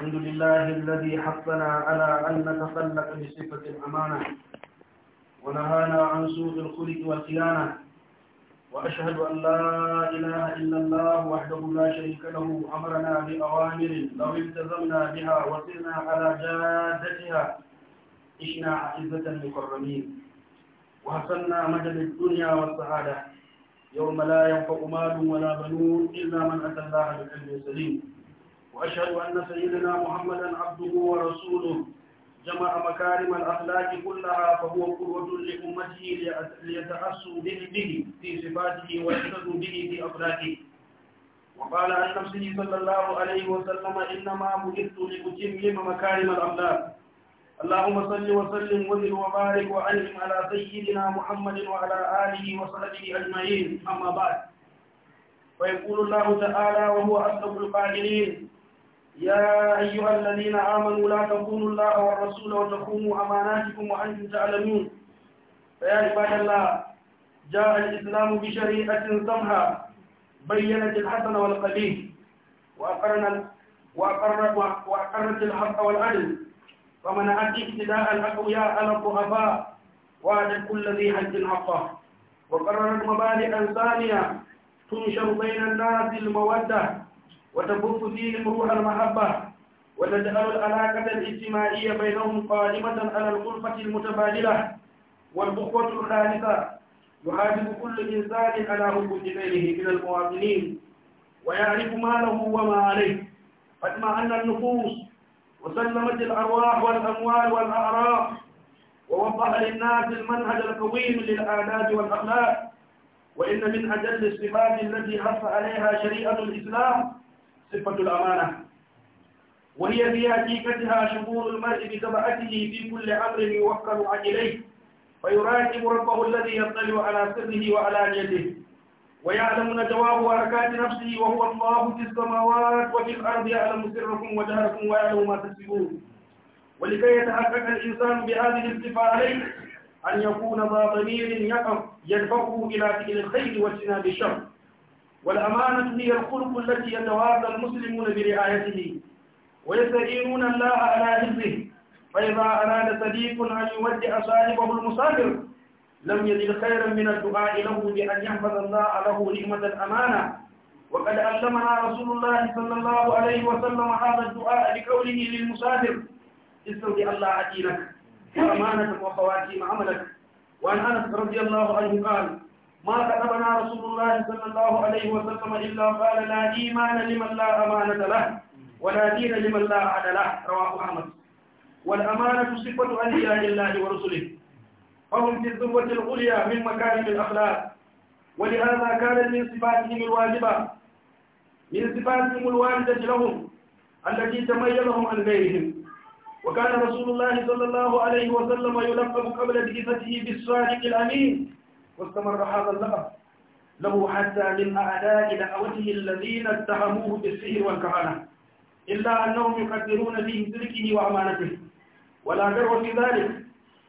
الحمد لله الذي حقنا على أن نتخلق بصفة الأمانة ونهانا عن سوء الخلق والخيانة وأشهد أن لا إله إلا الله وحده لا شريك له أمرنا بأوامر لو التزمنا بها وسرنا على جادتها عشنا عزة المكرمين وحصلنا مجد الدنيا والسعادة يوم لا ينفع مال ولا بنون إلا من أتى الله بقلب سليم وأشهد أن سيدنا محمدا عبده ورسوله جمع مكارم الأخلاق كلها فهو قدوة لأمته ليتأسوا به به في صفاته ويقتدوا به في أخلاقه وقال عن نفسه صلى الله عليه وسلم إنما بعثت لأتمم مكارم الأخلاق اللهم صل وسلم وزد وبارك وأنعم على سيدنا محمد وعلى آله وصحبه أجمعين أما بعد ويقول الله تعالى وهو أصدق القائلين يا أيها الذين آمنوا لا تقولوا الله والرسول وتقوموا أماناتكم وأنتم تعلمون فيا عباد الله جاء الإسلام بشريعة سمحة بينت الحسن والقبيح وأقرنا وأقرت وأقرت الحق والعدل ومنعت ابتداء الأقوياء على الضعفاء وعد كل ذي حد حقه وقررت مبادئ ثانية تنشر بين الناس الموده وتبث فيهم روح المحبة وتجعل العلاقة الاجتماعية بينهم قائمة على الخلفة المتبادلة والأخوة الخالصة يحافظ كل إنسان على حب غيره من المواطنين ويعرف ما له وما عليه قد أن النفوس وسلمت الأرواح والأموال والأعراق ووضح للناس المنهج القويم للآداب والأخلاق وإن من أجل الصفات التي حث عليها شريعة الإسلام صفة الأمانة وهي في حقيقتها شعور المرء بتبعته في كل أمر يوكل إليه فيراقب ربه الذي يطلع على سره وعلانيته ويعلم نجواه وركات نفسه وهو الله في السماوات وفي الأرض يعلم سركم وجهركم ويعلم ما تسبون ولكي يتحقق الإنسان بهذه الصفة عليه أن يكون ذا ضمير يقف يدفعه إلى فعل الخير واجتناب الشر والأمانة هي الخلق التي يتواصى المسلمون برعايته ويستعينون الله على حفظه فإذا أراد صديق أن يودع صاحبه المسافر لم يجد خيرا من الدعاء له بأن يحفظ الله له نعمة الأمانة وقد علمنا رسول الله صلى الله عليه وسلم هذا الدعاء بقوله للمسافر استودع الله دينك وأمانتك وخواتيم عملك وعن أنس رضي الله عنه قال ما كتبنا رسول الله صلى الله عليه وسلم إلا قال لا إيمان لمن لا أمانة له ولا دين لمن لا عد له رواه أحمد والأمانة صفة أنبياء الله ورسله فهم في الذروة العليا من مكارم الأخلاق ولهذا كانت من صفاتهم الواجبة من صفاتهم الواردة لهم التي تميزهم عن غيرهم وكان رسول الله صلى الله عليه وسلم يلقب قبل بعثته بالصادق الأمين واستمر هذا اللقب له حتى من أعداء دعوته الذين اتهموه بالسحر والكهانة إلا أنهم يقدرون فيه تركه وأمانته ولا جرو في ذلك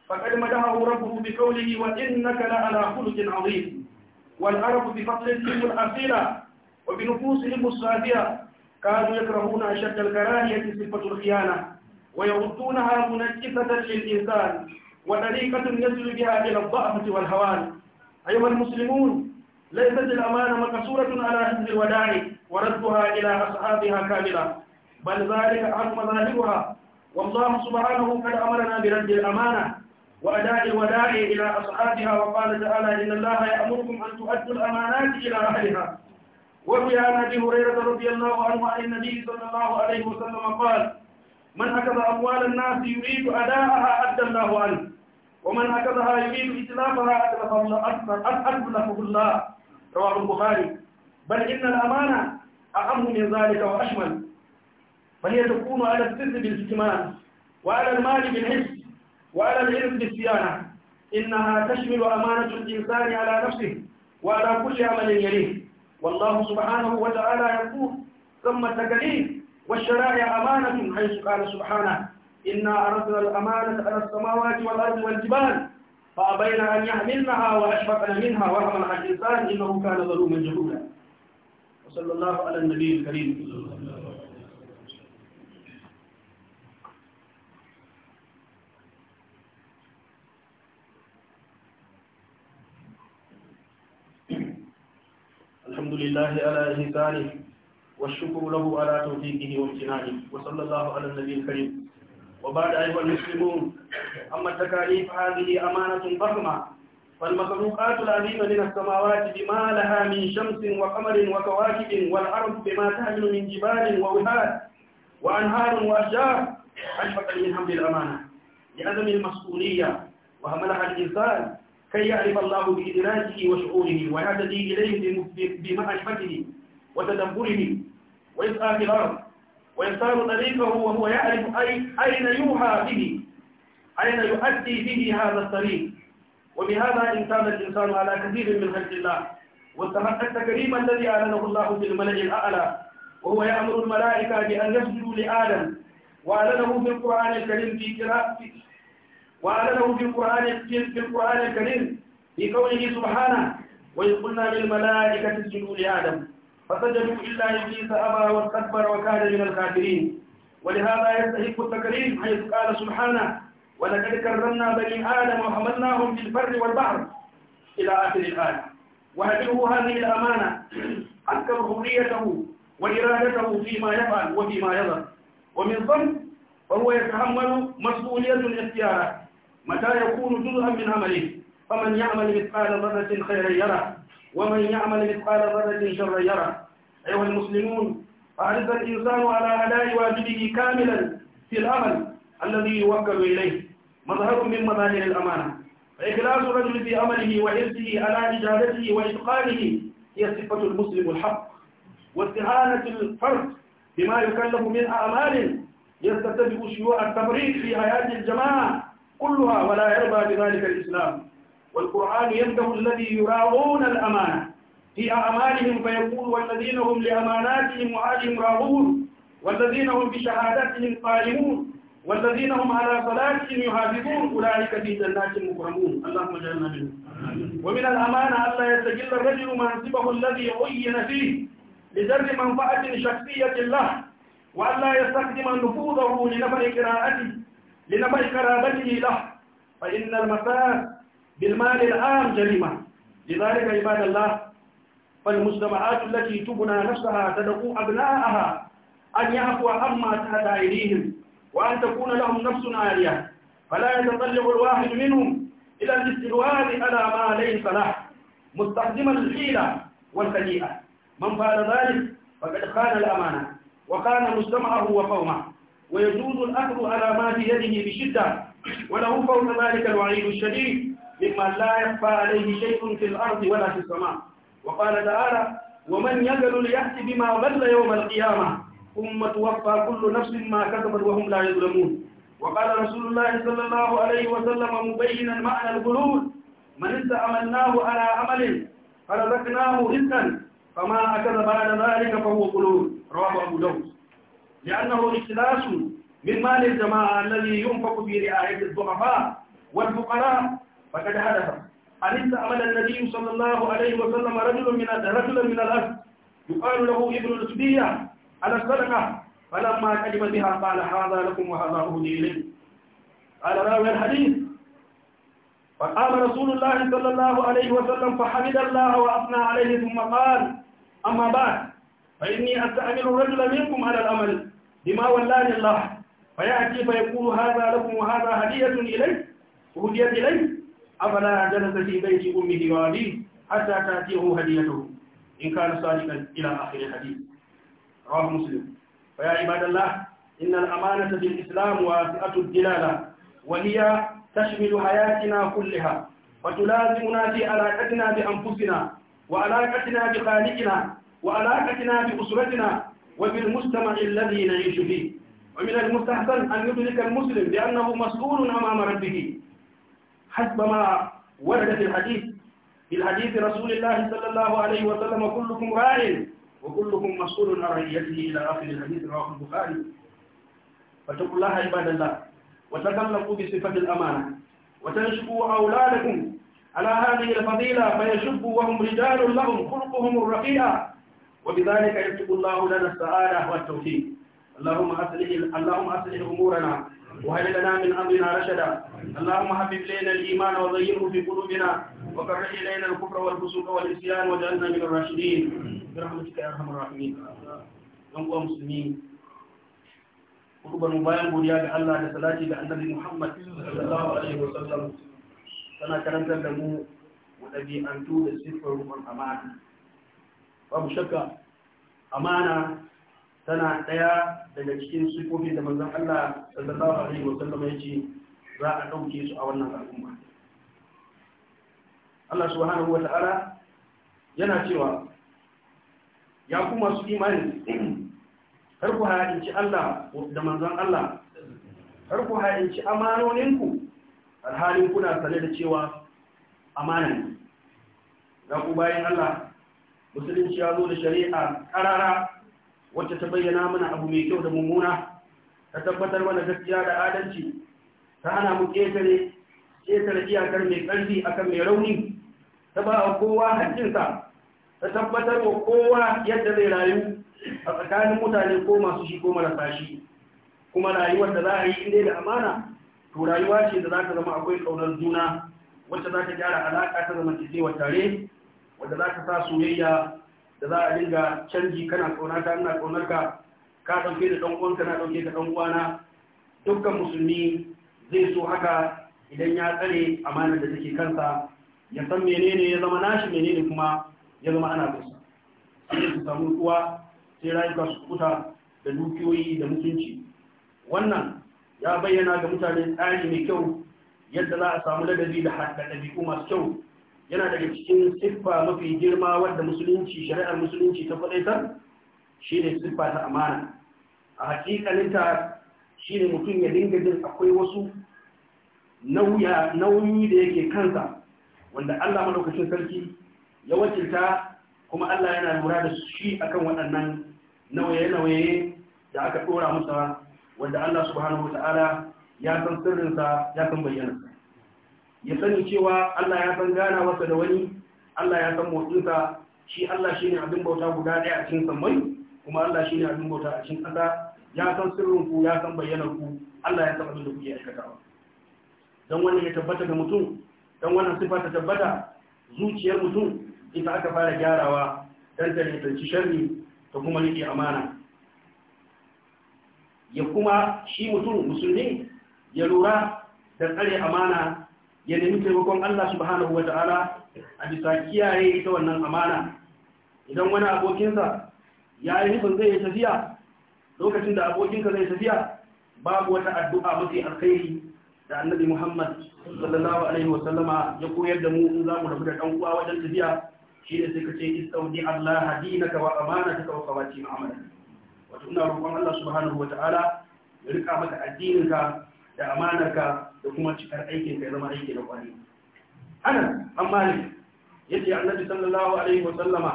فقد مدحه ربه بقوله وإنك لعلى خلق عظيم والعرب بفضلهم الأصيلة وبنفوسهم الصافية كانوا يكرهون أشد الكراهية صفة الخيانة ويردونها منجسة للإنسان وطريقة يصل بها إلى الضعف والهوان أيها المسلمون ليست الأمانة مقصورة على حفظ الوداع وردها إلى أصحابها كاملة بل ذلك عن مظاهرها والله سبحانه قد أمرنا برد الأمانة وأداء الوداع إلى أصحابها وقال تعالى إن الله يأمركم أن تؤدوا الأمانات إلى أهلها وروي عن أبي هريرة رضي الله عنه عن النبي صلى الله عليه وسلم قال من أخذ أموال الناس يريد أداءها أدى الله عنه ومن هكذا يريد إتلافها اتلف الله الله رواه البخاري بل إن الأمانة أهم من ذلك وأشمل فهي تكون على السر بالكتمان وعلى المال بالحس وعلى العلم بالصيانة إنها تشمل أمانة الإنسان على نفسه وعلى كل عمل يليه والله سبحانه وتعالى يقول ثم التكاليف والشرائع أمانة حيث قال سبحانه إنا أردنا الأمانة على السماوات والأرض والجبال فأبين أن يحملنها وأشفقن منها ورحمن عن الإنسان إنه كان ظلوما جهولا وصلى الله على النبي الكريم الحمد لله على إحسانه والشكر له على توفيقه وامتنانه وصلى الله على النبي الكريم وبعد أيها المسلمون أما التكاليف هذه أمانة ضخمة فالمخلوقات العظيمة من السماوات بما لها من شمس وقمر وكواكب والأرض بما تحمل من جبال ووهاد وأنهار وأشجار أشفق من حمل الأمانة لعدم المسؤولية وهملها الإنسان كي يعرف الله بإدراكه وشعوره ويهتدي إليه بمعرفته وتدبره وإسعاف الأرض ويختار طريقه وهو يعرف أين يوحى به أين يؤدي به هذا الطريق وبهذا إن كان الإنسان على كثير من هدي الله واستحق التكريم الذي أعلنه الله في الملأ الأعلى وهو يأمر الملائكة بأن يسجدوا لآدم وأعلنه في القرآن الكريم في قراءة وأعلنه في القرآن في القرآن الكريم في قوله سبحانه وإذ قلنا للملائكة اسجدوا لآدم فسجدوا إلا إبليس أبى واستكبر وكان من الكافرين ولهذا يستحق التكريم حيث قال سبحانه ولقد كرمنا بني آدم وحملناهم في البر والبحر إلى آخر الآية وهدوه هذه الأمانة اكثر حريته وإرادته فيما يفعل وفيما يظهر ومن ضمن فهو يتحمل مسؤولية الاختيار متى يكون جزءا من عمله فمن يعمل مثقال ذرة خيرا يره ومن يعمل مثقال ذرة شرا يره أيها المسلمون أعرف الإنسان على أداء واجبه كاملا في العمل الذي يوكل إليه مظهر من مظاهر الأمانة فإخلاص الرجل في عمله وحرصه على إجادته وإتقانه هي صفة المسلم الحق واستهانة الفرد بما يكلف من أعمال يستتبع شيوع التفريط في حياة الجماعة كلها ولا يرضى بذلك الإسلام والقرآن يمدح الذي يراعون الأمانة في أعمالهم فيقول والذين هم لأماناتهم وعادهم راغون والذين هم بشهاداتهم قائمون والذين هم على صلاتهم يحافظون أولئك في جنات مكرمون اللهم اجعلنا منهم ومن الأمانة ألا يستجل الرجل منصبه الذي عين فيه لجر منفعة شخصية له وألا يستخدم نفوذه لنفع قراءته لنفع قرابته له فإن المساس بالمال العام جريمة لذلك عباد الله فالمجتمعات التي تبنى نفسها تدعو أبناءها أن يعفو عما تحت أيديهم وأن تكون لهم نفس عالية فلا يتطلع الواحد منهم إلى الاستلوان على ما ليس له مستخدما الحيلة والخليئة من فعل ذلك فقد خان الأمانة وخان مجتمعه وقومه ويجوز الأخذ على ما في يده بشدة وله فوق ذلك الوعيد الشديد مما لا يخفى عليه شيء في الأرض ولا في السماء وقال تعالى ومن يغل ليأتي بما بل يوم القيامة ثم توفى كل نفس ما كسبت وهم لا يظلمون وقال رسول الله صلى الله عليه وسلم مبينا معنى الغلول من استعملناه على عمل فرزقناه رزقا فما أكل بعد ذلك فهو غلول رواه أبو داود لأنه اختلاس من مال الجماعة الذي ينفق في رعاية الضعفاء والفقراء فقد حدث أن استعمل النبي صلى الله عليه وسلم رجل من رجلا من الأرض يقال له ابن الأسبية على السلمة فلما كلم بها قال هذا لكم وهذا أهدي إليه قال راوي الحديث فقام رسول الله صلى الله عليه وسلم فحمد الله وأثنى عليه ثم قال أما بعد فإني أستعمل الرجل منكم على الأمل بما ولاني الله فيأتي فيقول هذا لكم وهذا هدية إليه هدية إليه أفلا جلس في بيت أمه وأبيه حتى تأتيه هديته إن كان صادقا إلى آخر الحديث رواه مسلم فيا عباد الله إن الأمانة في الإسلام واسعة الدلالة وهي تشمل حياتنا كلها وتلازمنا في علاقتنا بأنفسنا وعلاقتنا بخالقنا وعلاقتنا بأسرتنا وبالمجتمع الذي نعيش فيه ومن المستحسن أن يدرك المسلم بأنه مسؤول أمام ربه حسب ما ورد في الحديث في حديث رسول الله صلى الله عليه وسلم كلكم راع وكلكم مسؤول عن رعيته إلى آخر الحديث رواه البخاري فاتقوا الله عباد الله وتكلموا بصفة الأمانة وتنشبوا أولادكم على هذه الفضيلة فيشبوا وهم رجال لهم خلقهم الرقيع وبذلك يكتب الله لنا السعادة والتوفيق اللهم أصلح اللهم أصلح أمورنا وهب لنا من أمرنا رشدا اللهم حبب لنا الإيمان وزينه في قلوبنا وكره إلينا الكفر والفسوق والعصيان واجعلنا من الراشدين برحمتك يا أرحم الراحمين أنقوا مسلمين kurban bayan godiya ga Allah da salati ga annabi Muhammad sallallahu alaihi wasallam tana karantar da mu mu dabi'antu da siffar ruwan amana babu shakka amana tana ɗaya daga cikin sifofin da manzan Allah sallallahu alaihi wasallam ya ce za a ɗauke su a wannan al'umma Allah subhanahu wa ta'ala yana cewa ya kuma su imani har ku hayanci Allah da manzan Allah har ku hayanci amanoninku alhalin kuna sane da cewa amanan za ku bayan Allah musulunci ya zo da shari'a ƙarara wacce ta bayyana mana abu mai kyau da mummuna ta tabbatar mana gaskiya da adalci ta hana mu ƙetare ƙetare iyakar mai ƙarfi akan mai rauni ta ba a kowa hajjinsa ta tabbatar wa kowa yadda zai rayu a tsakanin mutane ko masu shi ko marasa shi kuma rayuwar da za a yi inda da amana to rayuwa ce da za ta zama akwai ƙaunar juna wacce za ta gyara alaƙa ta zama tare wadda za ta sa soyayya da za a dinga canji kana ƙauna ta ina konar ka ka ɗauke da ɗan uwanka na ɗauke da ɗan uwana dukkan musulmi zai so haka idan ya tsare amanar da take kansa ya san menene ya zama nashi menene kuma ya zama ana kusa sai su samu kuwa sai rayuka su kuta da dukiyoyi da mutunci wannan ya bayyana ga mutane tsari mai kyau yadda za a samu ladabi da haɗa ɗabi'u masu kyau yana daga cikin siffa mafi girma wadda musulunci shari'ar musulunci ta faɗaitar shi ne siffa ta amana a hakikalinta shi ne mutum ya dinga jin akwai wasu nauyi da yake kansa wanda allah maɗaukacin sarki ya wakilta kuma allah yana lura da shi akan waɗannan nauye-nauye da aka ɗora masa wanda allah subhanahu wa ta'ala ya san sirrinsa ya san bayyanarsa ya sani cewa Allah ya san gana wasa da wani Allah ya san motsinsa shi Allah shi ne abin bauta guda ɗaya a cikin samai, kuma Allah shi ne abin bauta a cikin ƙasa ya san sirrinku, ya san bayyanarku, Allah ya san abin da kuke aikatawa dan wannan ya tabbata ga mutum dan wannan sifa ta tabbata zuciyar mutum ita aka fara gyarawa dan ta nisanci sharri ta kuma rike amana ya kuma shi mutum musulmi ya lura da tsare amana ya nemi taimakon Allah subhanahu wata'ala a bisa kiyaye ita wannan amana idan wani abokinsa ya yi nufin zai tafiya lokacin da abokinka zai tafiya babu wata addu'a mafi alkhairi da annabi Muhammad sallallahu alaihi wa sallama ya koyar da mu in zamu rabu da ɗan uwa wajen tafiya shi ne sai ka ce istaudi Allah dinaka wa amanataka wa qawati amalaka wato ina roƙon Allah subhanahu wa ta'ala ya rika maka addininka da amanarka da kuma cikar aikin ka zama aiki na kwari ana amma malik yace annabi sallallahu alaihi wa sallama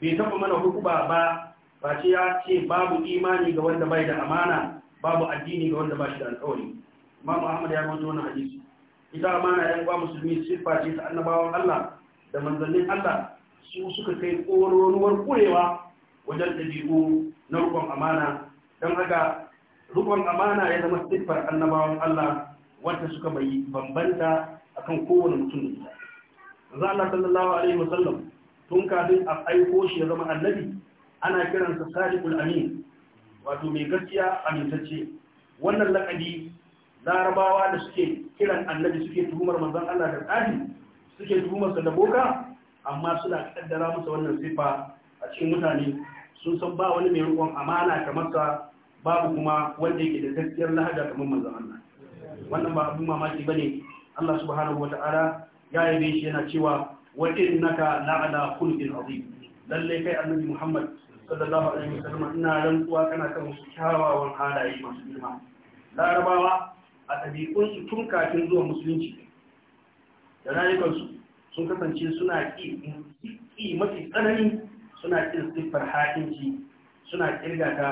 bai taba mana hukuba ba Bace ya ce babu imani ga wanda bai da amana babu addini ga wanda ba shi da alƙawari imamu ahmad ya rawaito wannan hadisi ita amana yan uwa musulmi siffa ce ta annabawan Allah da manzannin Allah su suka kai ƙoruwar ƙurewa wajen ɗabi'u na rukun amana don haka rukun amana ya zama siffar annabawan Allah wanda suka mai bambanta akan kowane mutum da ita manzo Allah sallallahu alaihi sallam tun kafin a aiko shi ya zama annabi ana kiransa sadiqul amin wato mai gaskiya amintacce wannan lakabi larabawa da suke kiran annabi suke tuhumar manzon Allah da tsari suke tuhumarsa da boka amma suna kaddara masa wannan sifa a cikin mutane sun san ba wani mai rikon amana kamar sa babu kuma wanda yake da gaskiyar lahaja kamar manzon Allah wannan ba abun mamaki bane Allah subhanahu wata'ala ya yi yabe shi yana cewa wa innaka la'ala khulqin azim Lallai kai annabi Muhammad sallallahu alaihi wasallam ina rantsuwa kana kan kyawawan halaye masu girma larabawa a ɗabi'un tun kafin zuwa musulunci da rayukansu sun kasance suna ƙi mafi tsanani suna ƙin siffar haƙinci suna ƙirga ta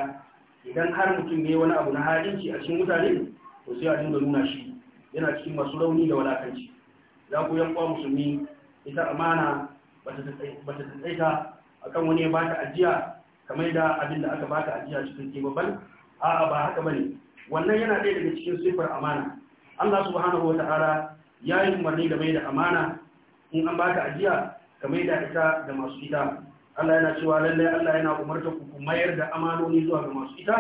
idan har mutum ne wani abu na haƙinci a cikin mutane to sai a dinga nuna shi yana cikin masu rauni da walakanci za ku yankwa musulmi ita amana ba ta tsaita a kan wani ya ba ta ajiya kamar da abin aka ba ta ajiya cikin kebaban a'a ba haka ba ne wannan yana ɗaya daga cikin siffar amana allah hana wata ta'ala ya yi umarni game da amana in an ba ta ajiya kamar da ita da masu ita allah yana cewa lallai allah yana umarta ku mayar da amanoni zuwa ga masu ita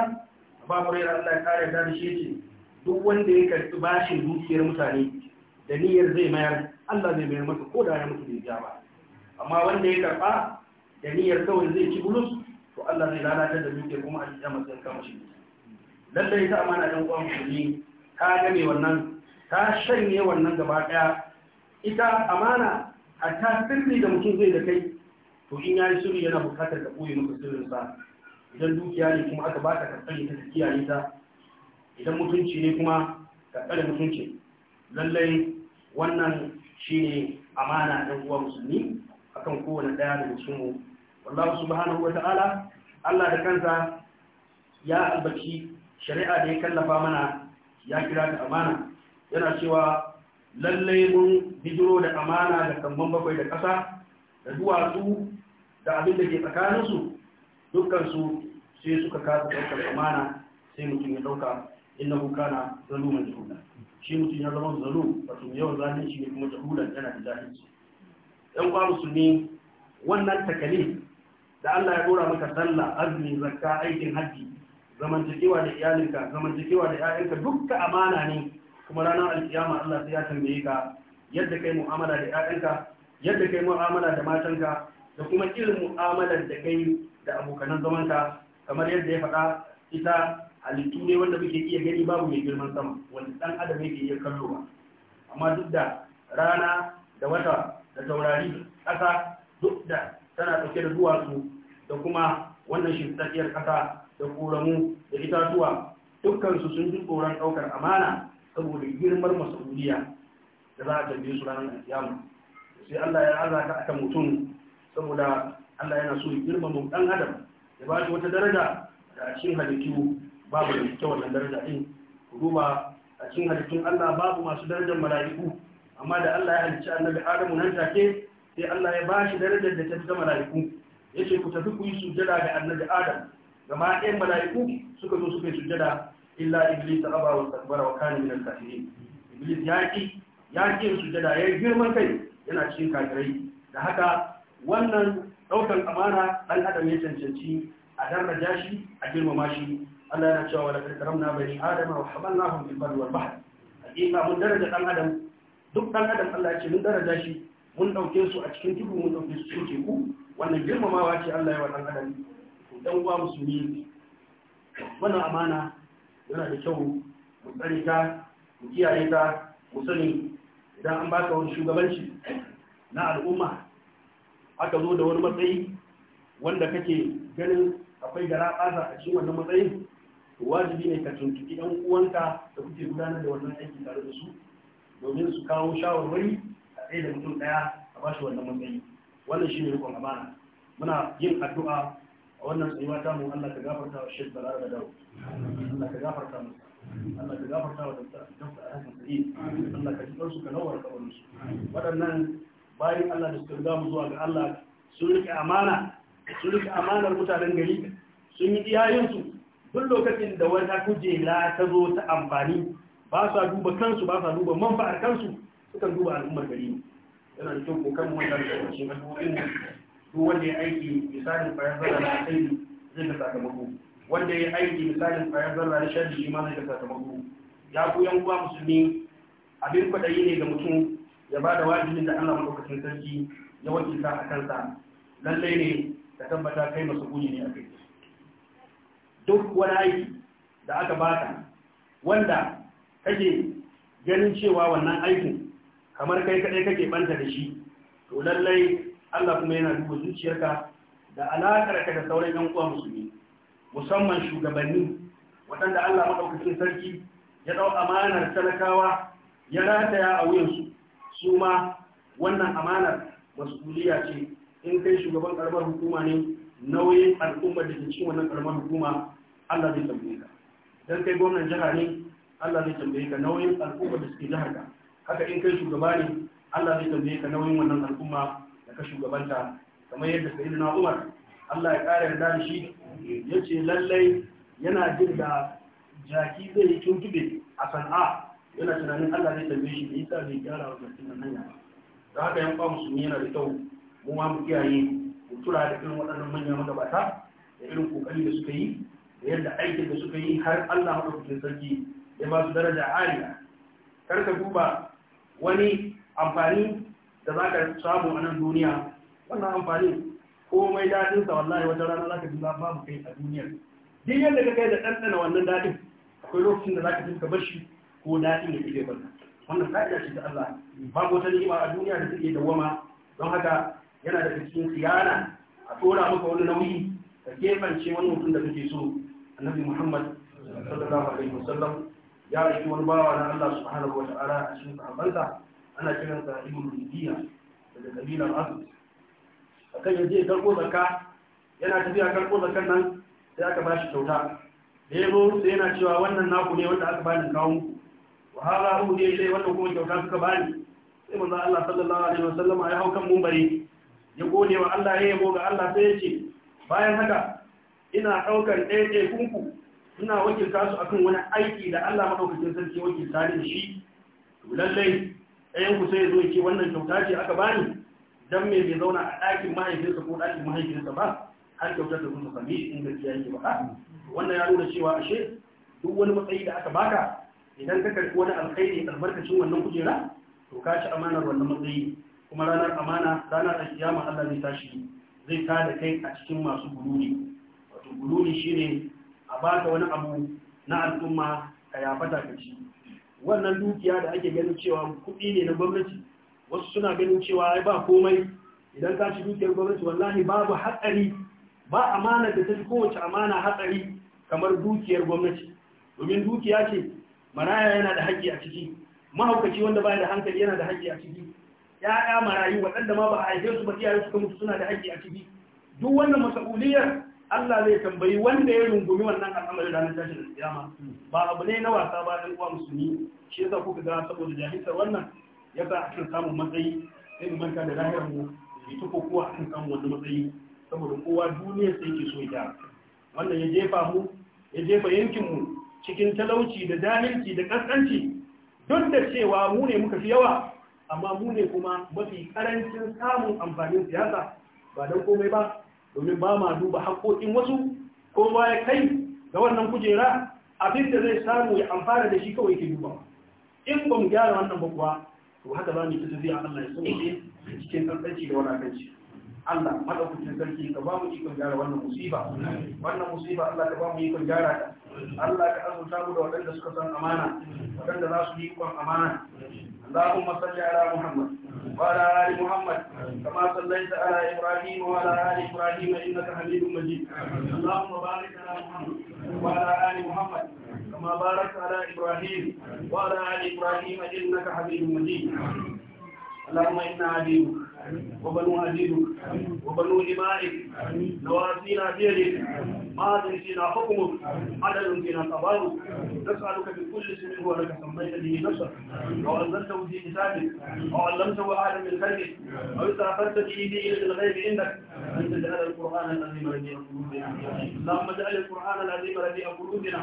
ba kwarai allah ya kare da shi ce duk wanda ya karɓi bashin dukiyar mutane da niyyar zai mayar Allah zai mayar masa ko da ya mutu da ba amma wanda ya karɓa da niyyar kawai zai ci bulus to Allah zai lalatar da dukiyar kuma a cikin masu kama lallai ta amana dan uwan kuɗi ta game wannan ta shanye wannan gaba daya ita amana a ta sirri da mutum zai da kai to in yayi sirri yana buƙatar da ɓoye maka sa idan dukiya ne kuma aka baka ka tsare ta kiyaye ta idan mutunci ne kuma ka mutunci lallai wannan shi ne amana ɗan uwa musulmi akan kowane ɗaya da musulmi wallahu subhanahu ta'ala Allah da kansa ya albaci shari'a da ya kallafa mana ya kira ta amana yana cewa lallai mun bidiro da amana da kamban bakwai da ƙasa da duwatsu da abin da ke tsakaninsu dukkansu sai suka kasa ɗaukar amana sai mutum ya ɗauka innahu kana zaluman jahula shi mutum ya zama zalu wato yawan zalunci ne kuma jahulan yana da zalunci ɗan kwa musulmi wannan takalif da Allah ya dora maka sallah azumin zakka aikin haji zamantakewa da iyalinka zamantakewa da 'ya'yanka dukka amana ne kuma ranar alkiyama Allah sai ya tambaye ka yadda kai mu'amala da 'ya'yanka yadda kai mu'amala da matanka da kuma irin mu'amalar da kai da abokanan zamanka kamar yadda ya faɗa ita halittu ne wanda muke iya gani babu mai girman sama wanda dan adam yake iya ba. amma duk da rana da wata da taurari ƙasa duk da tana ɗauke da duwatsu da kuma wannan shimfiɗaɗɗiyar ƙasa da ƙoramu da itatuwa dukkansu sun ji tsoron ɗaukar amana saboda girmar masauliya da za a tambaye su ranar kiyama sai Allah ya raza ka aka mutum saboda Allah yana so girmama ɗan adam ya ba shi wata daraja da a cikin halittu babu da ita wannan daraja din duba a cikin halittun Allah babu masu darajar mala'iku amma da Allah ya halicci annabi Adamu nan take sai Allah ya bashi darajar da ta fi ta mala'iku yace ku tafi ku yi sujjada ga annabi Adam gama ɗayan mala'iku suka zo suka yi sujjada illa iblis aba wa takbara wa kana min al-kafirin iblis ya ki ya ki sujjada ya girman kai yana cikin kafirai da haka wannan daukan amana dan adam ya cancanci a daraja shi a girmama shi Allah yana cewa wala karamna bani adama wa hamalnahum fil barri wal bahr hakika mun daraja dan adam duk dan adam Allah ce mun daraja shi mun ɗauke su a cikin tudu mun dauke su cikin teku wannan girmamawa ce Allah ya wa dan adam dan uwa musulmi wannan amana yana da kyau mu tsare ta mu kiyaye ta mu sani idan an baka wani shugabanci na al'umma aka zo da wani matsayi wanda kake ganin akwai gara ƙasa a cikin wannan matsayin wajibi ne ka tuntuki ɗan uwanka da kuke gudanar da wannan aiki tare da su domin su kawo shawarwari a tsaye da mutum ɗaya a ba shi wannan matsayi wannan shi ne rikon amana muna yin addu'a a wannan tsayuwa ta mu Allah ka gafarta wa Sheikh Balara da Dawo Allah ka gafarta mu Allah ka gafarta wa Dr. Dr. Hassan Sa'id Allah ka jibar su ka nawar wannan su waɗannan bayan Allah da suka riga mu zuwa ga Allah sun rike amana sun rike amanar mutanen gari sun yi iyayensu duk lokacin da wata kujera ta zo ta amfani ba sa duba kansu ba sa duba manfa'ar kansu sukan duba al'ummar gari yana da kyau kan wannan da shi manufofin duk wanda ya aiki misalin bayan zara na sai zai ga sakamako wanda ya aiki misalin bayan zara na shan shi ma zai ga sakamako ya ku yan uwa musulmi abin kwaɗayi ne ga mutum ya ba da wajibin da Allah lokacin sarki ya wakilta a kansa lallai ne ka tabbata kai masu ne a kai duk wani aiki da aka baka wanda kake ganin cewa wannan aikin kamar kai kaɗai kake banta da shi to lallai Allah kuma yana duba zuciyarka da alakar ka da sauran yan uwa musulmi musamman shugabanni waɗanda Allah maɗaukakin sarki ya ɗau amanar talakawa ya rataya a wuyansu su ma wannan amanar masuliya ce in kai shugaban karamar hukuma ne nauyin al'ummar da ke cikin wannan karamar hukuma Allah zai tambaye ka dan kai gwamnan jiha ne Allah zai tambaye ka nauyin al'umma da suke jihar ka haka in kai shugaba ne Allah zai tambaye ka nauyin wannan al'umma da ka shugabanta kamar yadda na Umar Allah ya ƙara yarda da shi yace lallai yana jin da jaki zai yi tuntube a sana'a yana tunanin Allah zai tambaye shi da yasa zai gyara wa mutum nan hanya ba da haka yan kwamu sun yana da kyau mu ma mu kiyaye mu tura da irin waɗannan manyan magabata da irin kokari da suka yi da yadda aikin da suka yi har Allah madaukakin sarki ya ba su daraja ariya kar ka duba wani amfani da za ka samu a nan duniya wannan amfani komai daɗin sa wallahi wata rana za ka ji babu kai a duniyar din yadda ka kai da ɗanɗana wannan daɗin akwai lokacin da za ka ji ka bar shi ko daɗin da kake barna wannan ka'ida ce ta Allah babu wata ni'ima a duniya da take dawwama don haka yana da cikin siyana a tora maka wani nauyi ka kebance wani mutum da kake so annabi muhammad sallallahu alaihi wasallam ya aiki wani bawa na allah subhanahu wa ta'ala a cikin sahabbansa ana kiran sa ibn rubiya daga kabilar asu akan yaje ya karko zakka yana tafiya karko zakkan nan sai aka bashi kyauta da ya zo sai yana cewa wannan naku ne wanda aka bani kawo muku wa hala ruhu ne sai wannan kuma kyauta suka bani sai manzo Allah sallallahu alaihi wasallam ya hau kan mumbari ya gode wa Allah ya yabo ga Allah sai ya ce bayan haka ina ɗaukar ɗaya kunku ina wakilta su akan wani aiki da Allah maɗaukacin sarki wakilta ne shi to lallai ɗayan ku sai zo ce wannan kyauta ce aka bani don me bai zauna a ɗakin mahaifinsa ko ɗakin mahaifinsa ba har kyautar da kun sami in gaskiya yake ba wannan ya nuna cewa ashe duk wani matsayi da aka baka idan ka karɓi wani alkhairi albarkacin wannan kujera to ka ci amanar wannan matsayi kuma ranar amana ranar alkiyama Allah zai tashi zai kada kai a cikin masu gululi wato gululi shine a baka wani abu na al'umma ka yafata ka wannan dukiya da ake ganin cewa kuɗi ne na gwamnati wasu suna ganin cewa ai ba komai idan ka ci dukiyar gwamnati wallahi babu hatsari ba amana da ta fi kowace amana hatsari kamar dukiyar gwamnati domin dukiya ce maraya yana da haƙƙi a ciki mahaukaci wanda baya da hankali yana da haƙƙi a ciki ya'ya marayu waɗanda ma ba a haife su ba iyaye suka mutu suna da haƙƙi a ciki duk wannan mas'uliyar Allah zai tambayi wanda ya rungumi wannan al'amarin ranar tashin kiyama ba abu ne na wasa ba ɗan uwa musulmi shi yasa kuka ga saboda jahiltar wannan ya sa akan samun matsayi sai mu manta da lahiyar mu ita ko kowa akan samun wani matsayi saboda kowa duniya sai ke so ya wannan ya jefa mu ya jefa yankin mu cikin talauci da jahilci da kaskanci duk da cewa mu ne muka fi yawa amma mu ne kuma mafi karancin samun amfanin siyasa ba don komai ba domin ba ma duba haƙoƙin wasu ko ba ya kai ga wannan kujera abin da zai samu ya amfana da shi kawai ke duba in ba mu gyara wannan ba kuwa to haka za mu yi zai Allah ya sauke cikin tsantsanci da wadatanci Allah madaukakin sarki ka ba mu ikon gyara wannan musiba wannan musiba Allah ka ba mu ikon gyara ta Allah ka azurta mu da waɗanda suka san amana waɗanda za su yi kwan amana Allahumma salli ala Muhammad وعلى آل محمد كما صليت على إبراهيم وعلى آل إبراهيم إنك حميد مجيد اللهم بارك على محمد وعلى آل محمد كما باركت على إبراهيم وعلى آل إبراهيم إنك حميد مجيد اللهم إنا عبيدك وبنو عبيدك وبنو إمائك نواسينا بيدك ماض فينا حكمك عدل فينا قضاؤك نسألك بكل اسم هو لك سميت به نفسك أو أنزلته في كتابك أو علمته أحد من خلقك أو استغفرت به إلى الغيب عندك أن تجعل القرآن العظيم ربيع قلوبنا اللهم اجعل القرآن العظيم ربيع قلوبنا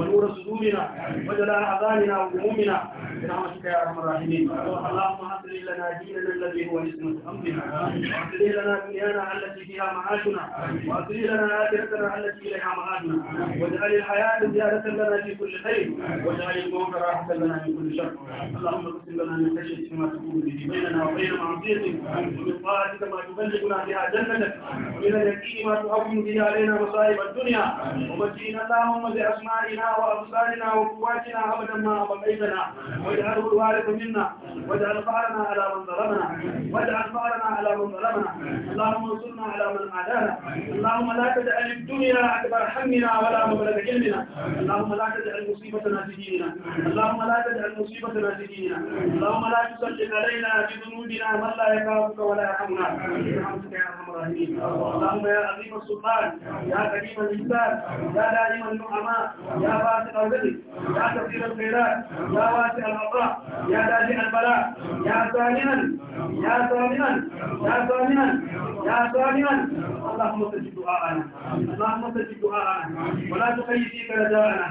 ونور صدورنا وجلاء أذاننا وهمومنا برحمتك يا أرحم الراحمين اللهم أصلح لنا ديننا الذي هو عصمة أمرنا وأصلح لنا دنيانا التي فيها معاشنا وأصلح لنا آخرتنا التي إليها معادنا واجعل الحياة زيادة لنا في كل خير واجعل الموت راحة لنا من كل شر اللهم اقسم لنا من خشيتك ما تكون به بيننا وبين معصيتك ومن طاعتك ما تبلغنا بها جنتك من اليقين ما تهون به علينا مصائب الدنيا ومجينا اللهم بأسمائنا وأبصارنا وقواتنا أبدا ما أبقيتنا واجعله الوارث منا واجعل قارنا على من ظلمنا واجعل قارنا على من ظلمنا اللهم انصرنا على من عادانا اللهم لا تجعل الدنيا أكبر همنا ولا مبلغ علمنا اللهم لا تجعل مصيبتنا في ديننا اللهم لا تجعل مصيبتنا في ديننا اللهم لا تسلط علينا بذنوبنا من لا يخافك ولا يرحمنا برحمتك يا ارحم الراحمين اللهم يا عظيم السلطان يا كريم الإنسان يا دائم النعماء يا باسط الرزق يا كثير الخيرات يا واسع العطاء يا دافع البلاء يا ثامنا يا ثامنا يا ثامنا يا ثامنا اللهم استجب دعاءنا اللهم استجب دعاءنا ولا تخيب فيك رجاءنا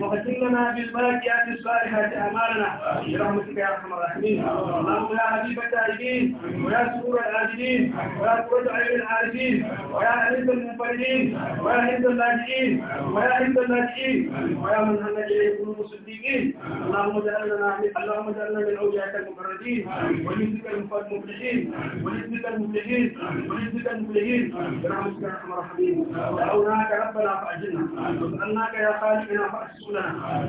وختم لنا بالباقيات الصالحات أعمالنا برحمتك يا أرحم الراحمين اللهم يا حبيب التائبين ويا سرور العاجلين ويا قرة عين العالمين العارفين ويا عز المنفردين ويا عز اللاجئين ويا عز اللاجئين ويا من هم اليه قلوب الصديقين اللهم اجعلنا اللهم اجعلنا من اوليائك المقربين ولذك المفلحين ولذك المفلحين ولذك المفلحين برحمتك يا ارحم الراحمين دعوناك ربنا فاجلنا وسالناك يا خالقنا فاحسنا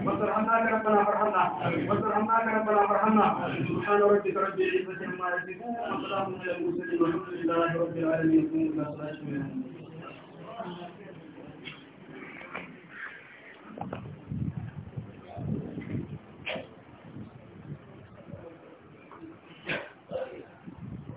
وارحمناك ربنا فارحمنا وارحمناك ربنا فارحمنا سبحان ربك رب العزه عما يصفون وسلام على المرسلين والحمد لله رب العالمين Thank you.